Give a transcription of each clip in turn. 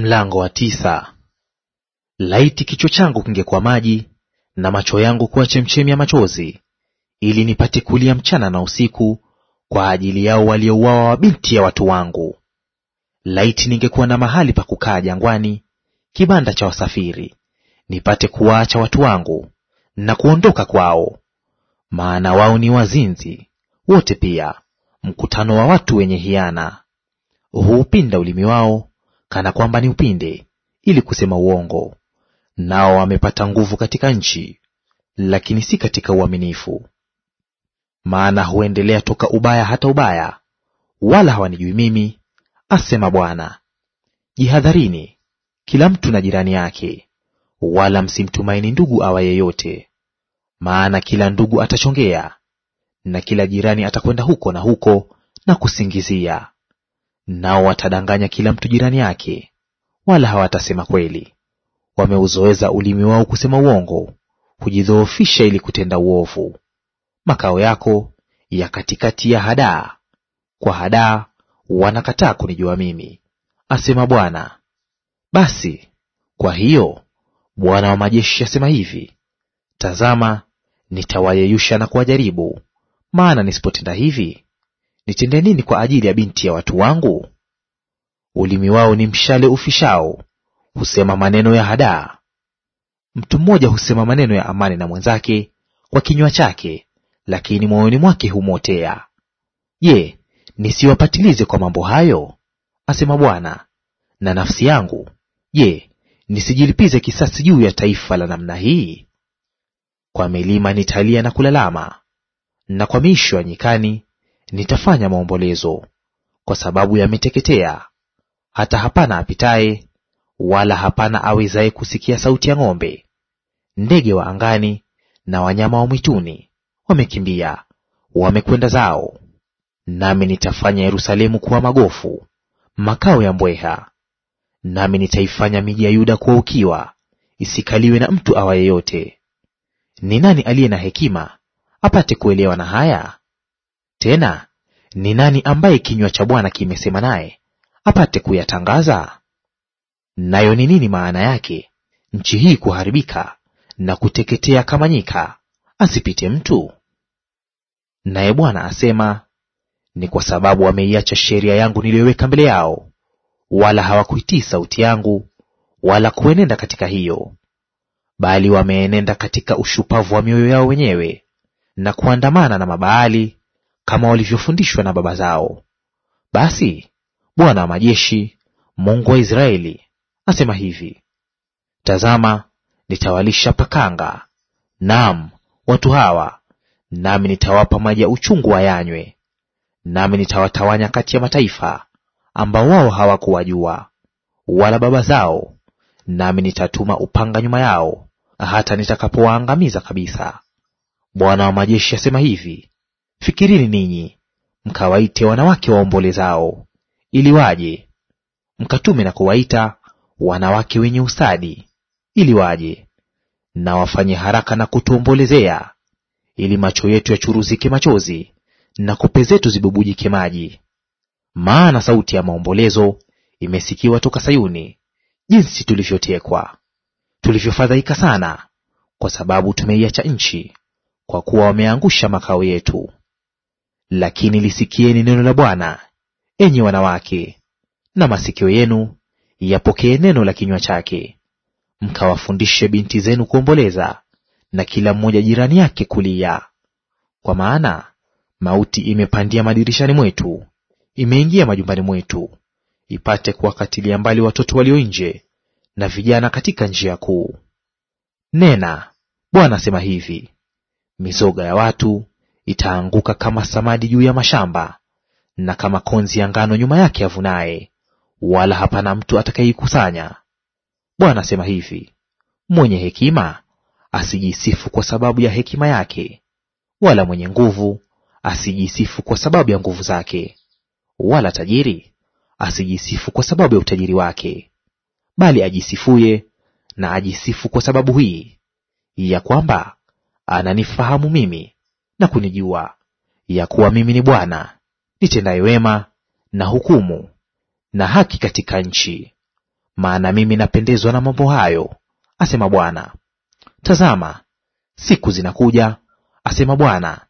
Mlango wa tisa. Laiti kichwa changu kingekuwa maji na macho yangu kuwa chemchemi ya machozi, ili nipate kulia mchana na usiku kwa ajili yao waliouawa, wa binti ya watu wangu. Laiti ningekuwa na mahali pa kukaa jangwani, kibanda cha wasafiri, nipate kuwaacha watu wangu na kuondoka kwao. Maana wao ni wazinzi wote, pia mkutano wa watu wenye hiana huupinda ulimi wao kana kwamba ni upinde, ili kusema uongo; nao wamepata nguvu katika nchi, lakini si katika uaminifu. Maana huendelea toka ubaya hata ubaya, wala hawanijui mimi, asema Bwana. Jihadharini kila mtu na jirani yake, wala msimtumaini ndugu awa yeyote. Maana kila ndugu atachongea, na kila jirani atakwenda huko na huko na kusingizia. Nao watadanganya kila mtu jirani yake, wala hawatasema kweli. Wameuzoeza ulimi wao kusema uongo, hujidhoofisha ili kutenda uovu. Makao yako ya katikati ya hadaa, kwa hadaa wanakataa kunijua mimi, asema Bwana. Basi kwa hiyo Bwana wa majeshi asema hivi, tazama, nitawayeyusha na kuwajaribu, maana nisipotenda hivi nitende nini kwa ajili ya binti ya watu wangu? Ulimi wao ni mshale ufishao, husema maneno ya hadaa. Mtu mmoja husema maneno ya amani na mwenzake kwa kinywa chake, lakini moyoni mwake humotea Je, nisiwapatilize kwa mambo hayo? asema Bwana. Na nafsi yangu, je, nisijilipize kisasi juu ya taifa la namna hii? Kwa milima nitalia na kulalama, na kwa miisho ya nyikani nitafanya maombolezo, kwa sababu yameteketea, hata hapana apitaye, wala hapana awezaye kusikia sauti ya ng'ombe. Ndege wa angani na wanyama wa mwituni wamekimbia, wamekwenda zao. Nami nitafanya Yerusalemu kuwa magofu, makao ya mbweha. Nami nitaifanya miji ya Yuda kuwa ukiwa, isikaliwe na mtu awa yeyote. Ni nani aliye na hekima apate kuelewa na haya? Tena ni nani ambaye kinywa cha Bwana kimesema naye apate kuyatangaza? Nayo ni nini maana yake nchi hii kuharibika na kuteketea kama nyika, asipite mtu? Naye Bwana asema, ni kwa sababu wameiacha sheria yangu niliyoweka mbele yao, wala hawakuitii sauti yangu, wala kuenenda katika hiyo, bali wameenenda katika ushupavu wa mioyo yao wenyewe, na kuandamana na Mabaali kama walivyofundishwa na baba zao. Basi Bwana wa majeshi, Mungu wa Israeli, asema hivi: Tazama, nitawalisha pakanga, naam, watu hawa, nami nitawapa maji ya uchungu wayanywe, nami nitawatawanya kati ya mataifa ambao wao hawakuwajua wala baba zao, nami nitatuma upanga nyuma yao hata nitakapowaangamiza kabisa. Bwana wa majeshi asema hivi: Fikirini ninyi, mkawaite wanawake waombolezao, ili waje; mkatume na kuwaita wanawake wenye ustadi, ili waje; na wafanye haraka na kutuombolezea, ili macho yetu yachuruzike machozi, na kope zetu zibubujike maji. Maana sauti ya maombolezo imesikiwa toka Sayuni, jinsi tulivyotekwa, tulivyofadhaika sana, kwa sababu tumeiacha nchi, kwa kuwa wameangusha makao yetu. Lakini lisikieni neno la Bwana, enyi wanawake, na masikio yenu yapokee neno la kinywa chake. Mkawafundishe binti zenu kuomboleza, na kila mmoja jirani yake kulia. Kwa maana mauti imepandia madirishani mwetu, imeingia majumbani mwetu, ipate kuwakatilia mbali watoto walio nje na vijana katika njia kuu. Nena, Bwana asema hivi: mizoga ya watu itaanguka kama samadi juu ya mashamba, na kama konzi ya ngano nyuma yake avunaye, wala hapana mtu atakayeikusanya. Bwana asema hivi, mwenye hekima asijisifu kwa sababu ya hekima yake, wala mwenye nguvu asijisifu kwa sababu ya nguvu zake, wala tajiri asijisifu kwa sababu ya utajiri wake, bali ajisifuye na ajisifu kwa sababu hii ya kwamba ananifahamu mimi, na kunijua, ya kuwa mimi ni Bwana nitendaye wema na hukumu na haki katika nchi. Maana mimi napendezwa na mambo hayo, asema Bwana. Tazama, siku zinakuja, asema Bwana,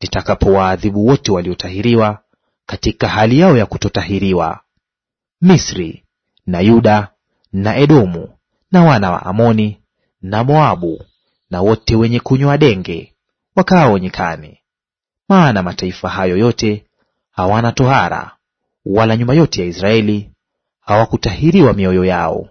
nitakapowaadhibu wote waliotahiriwa katika hali yao ya kutotahiriwa, Misri na Yuda na Edomu na wana wa Amoni na Moabu na wote wenye kunywa denge wakaao nyikani. Maana mataifa hayo yote hawana tohara, wala nyumba yote ya Israeli hawakutahiriwa mioyo yao.